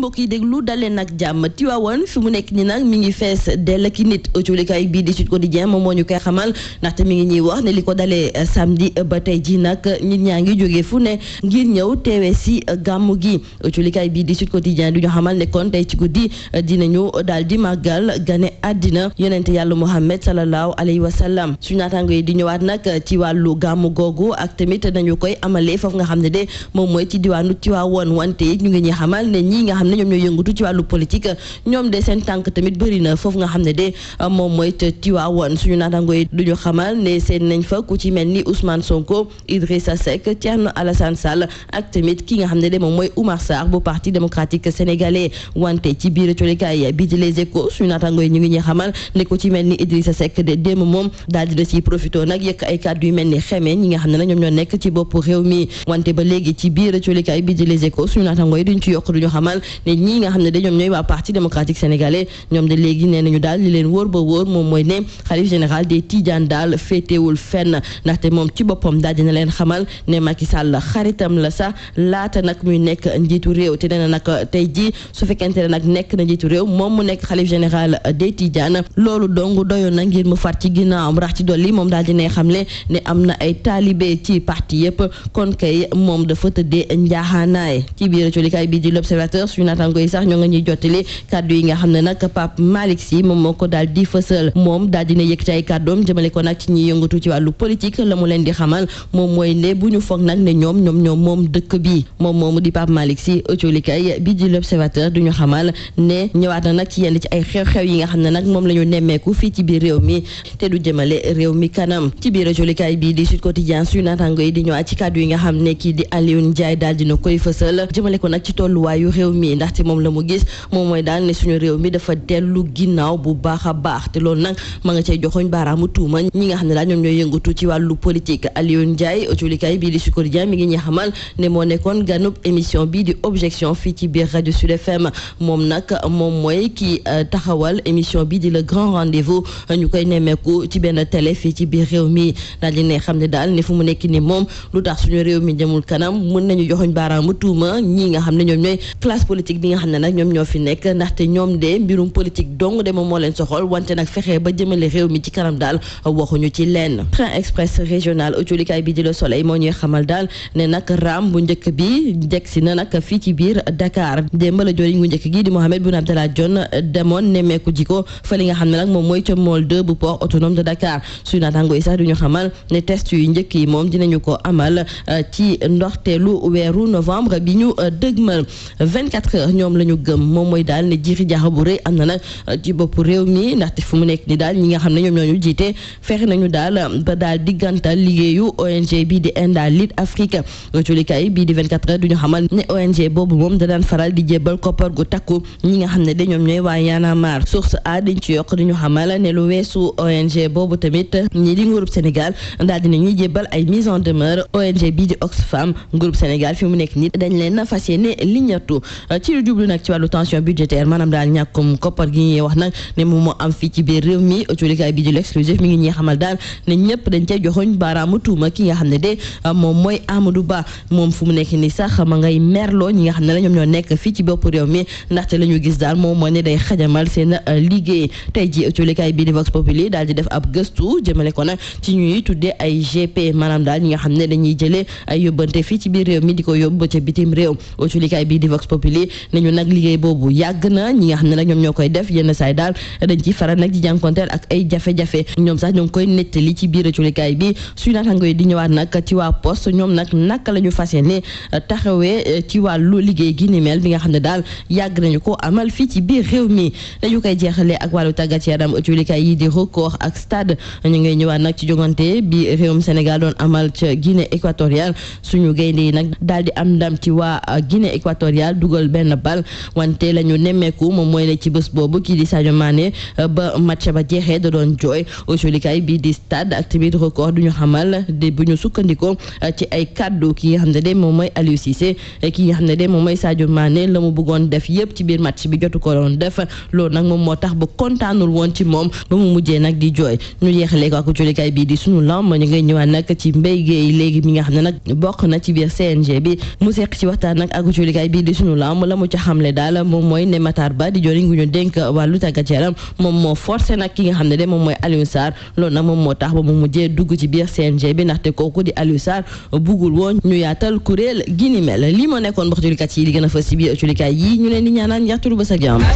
mbokk yi déglu daleen ak jàmm Tiwaawan fi mu nekk nii nag mi ngi fees dell ki nit cuulikaay bii di Sud Quotidien moom moo ñu koy xamal ndaxte mi ngi ñuy wax ne li ko dalee euh, samedi euh, ba tey ji nag nit ñaa ngi jógee fu ne ngir ñëw teewee si euh, gàmm gi cuulikaay bii di Sud Quotidien du ñu xamal ne kon tey ci guddi dinañu daal di màggal gane àddina yonent yàlla Muhammad sallallahu alayhi wa sallam su naataango yi di ñëwaat nag ci wàllu gàmm googu ak tamit nañu koy amalee foofu nga xam ne moom mooy ci diwaanu Tiwaawan wante ñu ngi ñuy xamal ne ñi nga xam ne ñoom ñooy ci wàllu politique ñoom de seen tànk tamit bëri na foofu nga xam ne de moom mooy Tiwaawoon suñu naataango yi duñu xamal ne seen nañ fa ku ci mel ni Ousmane Sonko Idrissa Seck Thierno Alassane Sall ak tamit ki nga xam ne de moom mooy Oumar Sarr bu parti démocratique sénégalais wante ci biir colikaay bi di les échos suñu naataango yi ñu ngi ñuy xamal ne ku ci mel ni Idrissa Seck de démb moom daal dina ciy profité nag yëkk ay kàddu yu mel ni xeme ñi nga xam ne na ñoom ñoo nekk ci bopp réew mi wante ba léegi ci biir colikaay bi di les échos suñu naataango yi duñ ci yokk duñu xamal ne ñii nga xam ne de ñoom ñooy waa parti démocratique sénégalais ñoom de léegi nee nañu daal li leen wóor ba wóor moom mooy ne xalif général des Tidiane daal féetewul fenn ndaxte moom ci boppam daal dina leen xamal ne Macky Sall xaritam la sax laata nag muy nekk njiitu réew te nee nag tey jii su fekkente ne nag nekk na njiitu réew moom mu nekk xalif général des Tidiane loolu dong doyoon na ngir mu far ci ginnaawam rax ci dolli moom daal dina xam ne am na ay taalibe ci parti yëpp kon kay moom dafa tëddee njaaxaanaay ci biir colikaay bi di l'observateur natango yi sax ñoo nga ñuy jottali kàddu yi nga xam ne nag Pape Malick na nag ci yenn ci ay xew-xew yi nga xam ne nag moom la ñu nemmeeku fii ci biir réew mi te du jëmale réew mi kanam ci biir ëccolikaay bii di yi di ñëwaat ci kàddu yi koy fësal jëmale ko nag ci tolluwaayu réew mi ndaxte moom la mu gis moom mooy daal ne suñu réew mi dafa dellu ginnaaw bu baax a baax te loolu nag ma nga cay joxoñ baaraamu tuuma ñi nga xam ne daal ñoom ñooy yëngatu ci wàllu politique Alioune Ndiaye autolikaay bii di Sud Quotidien mi ngi ñuy xamal ne moo nekkoon ganub émission bii di objection fii ci biir rajo Sud FM moom nag moom mooy ki euh, taxawal émission bi di le grand rendez-vous ñu koy nemmeeku ci benn télé fii ci biir réew mi daal di ne xam ne daal ne fu mu nekk ni moom lu tax suñu réew mi jëmul kanam mën nañu joxoñ baaraamu tuuma ñi nga xam ne ñoom ñooy classe politique bi nga xam ne nag ñoom ñoo fi nekk ndaxte ñoom de mbirum politique dong de moom moo leen soxol wante nag fexe ba jëmale réew mi ci kanam daal waxuñu ci lenn. train express régional autolikaay bi di Le Soleil moo ñuy xamal daal ne nag raam bu njëkk bi njëkk si na nag fii ci biir di ko fa li nga xam ne nag moom mooy ca mool 2 de Dakar suñu naataango yi sax duñu xamal ne test yu njëkk yi moom dinañu ko amal euh, ci ndorteelu weeru novembre bi ñu euh, dëgmal ñoom la ñu gëm moom mooy daal ne jiixi jaaxa bu rëy am na nag ci boppu réew mi ndaxte fu mu nekk nii daal ñi nga xam ne ñoom ñoo ñu jiite fexe nañu daal ba daal diggantal liggéeyu ONG bii di Enda Lead Afrique culikaay bii di 24 du ñu xamal ne ONG boobu moom danaan faral di jébbal koppar gu takku ñi nga xam ne de ñoom ñooy waa yaanamar source a dañ ci yokk duñu xamal ne lu weesu ONG boobu tamit ñii di groupe Sénégal di dina ñuy jébbal ay mise en demeure ONG bii di ox Oxfam groupe Sénégal fi mu nekk nii dañ leen fas yéene liñatu ci lu jublu nag ci wàllu tension budgétaire maanaam daal ñàkkum koppar gi ñuy wax nag ne moom moo am fii ci biir réew mi autolikaay bi di l'exclusif mi ngi ñuy xamal daal ne ñëpp dañ cay joxoñ baaraamu ki nga xam ne de ah, moom mooy Amadou Ba moom fu mu nekk ni sax ma ngay merloo ñi nga xam ne la ñoo nekk fii ci bopp réew mi ndaxte la gis daal moom moo ne day xajamal seen ah, liggéey tey ji autolikaay bi di Vox Populi daal di def ab gëstu jëmale ko nag ci ñuy tuddee ay GP maanaam ñi nga xam ne dañuy jëlee ay ah, yóbbante fii ci biir réew mi di ko yóbbu ca bitim réew autolikaay bi di Vox Populi ñu nag liggéey boobu yàgg na ñi nga xam ne nag ñoom ñoo koy def yenn saay daal dañ ci faral nag di jànkonteel ak ay jafe-jafe ñoom sax ñoo ngi koy nettali ci biir culikaay bi suñu naataango yi di ñëwaat nag ci waa ñoom nag naka la ñu fas yéene taxawee eh, ci wàllu liggéey gi ni mel bi nga xam ne daal yàgg nañu ko amal fii ci biir réew mi dañu koy jeexalee ak wàllu tàggat yaram culikaay yi di record ak stade ñu ngay ñëwaat nag ci jongante bi réewum Sénégal doon amal ca Guinée équatoriale suñu gaynde yi nag daal di am ndam ci waa eh, Guinée équatoriale dugal benn bal wante la ñu nemmeeku moom mooy ne ci bés boobu kii di Sadio Mané euh, ba match ba jeexee da doon jooy ausolikaay bii di stade ak tamit record du ñu xamal de ñu sukkandikoo euh, ay kàddu ki nga xam ne de moom mooy Aliou Cissé euh, ki nga xam ne moom mooy Sadio Mané la mu bëggoon def yëpp ci biir match bi jotu ko doon def loolu nag moom moo tax ba kontaanul woon ci moom ba mu mujjee nag di jooy ñu yeexalee ko ak ausolikaay bii di sunu lamb ñu ngay ñëwaat nag ci mbéy géey léegi mi nga xam ne nag bokk na ci biir CNG bi mu seq ci waxtaan nag ak ausolikaay bii di sunu lamb la mu ca xamle daal moom mooy ne Matar Ba di joriñ gu ñu dénk wàllu tàggat yaram moom moo forcé nag ki nga xam ne de moom mooy Aliou Sarr loolu nag moom moo tax ba mu mujjee dugg ci biir CNG bi ndaxte kooku di Aliou Sarr buggul woon ñu yaatal kuréel gi ni mel lii moo nekkoon mbox julikat yi di gën a fës ci a julikat yi ñu ne di ñaanaan njeextalu ba sa jàmm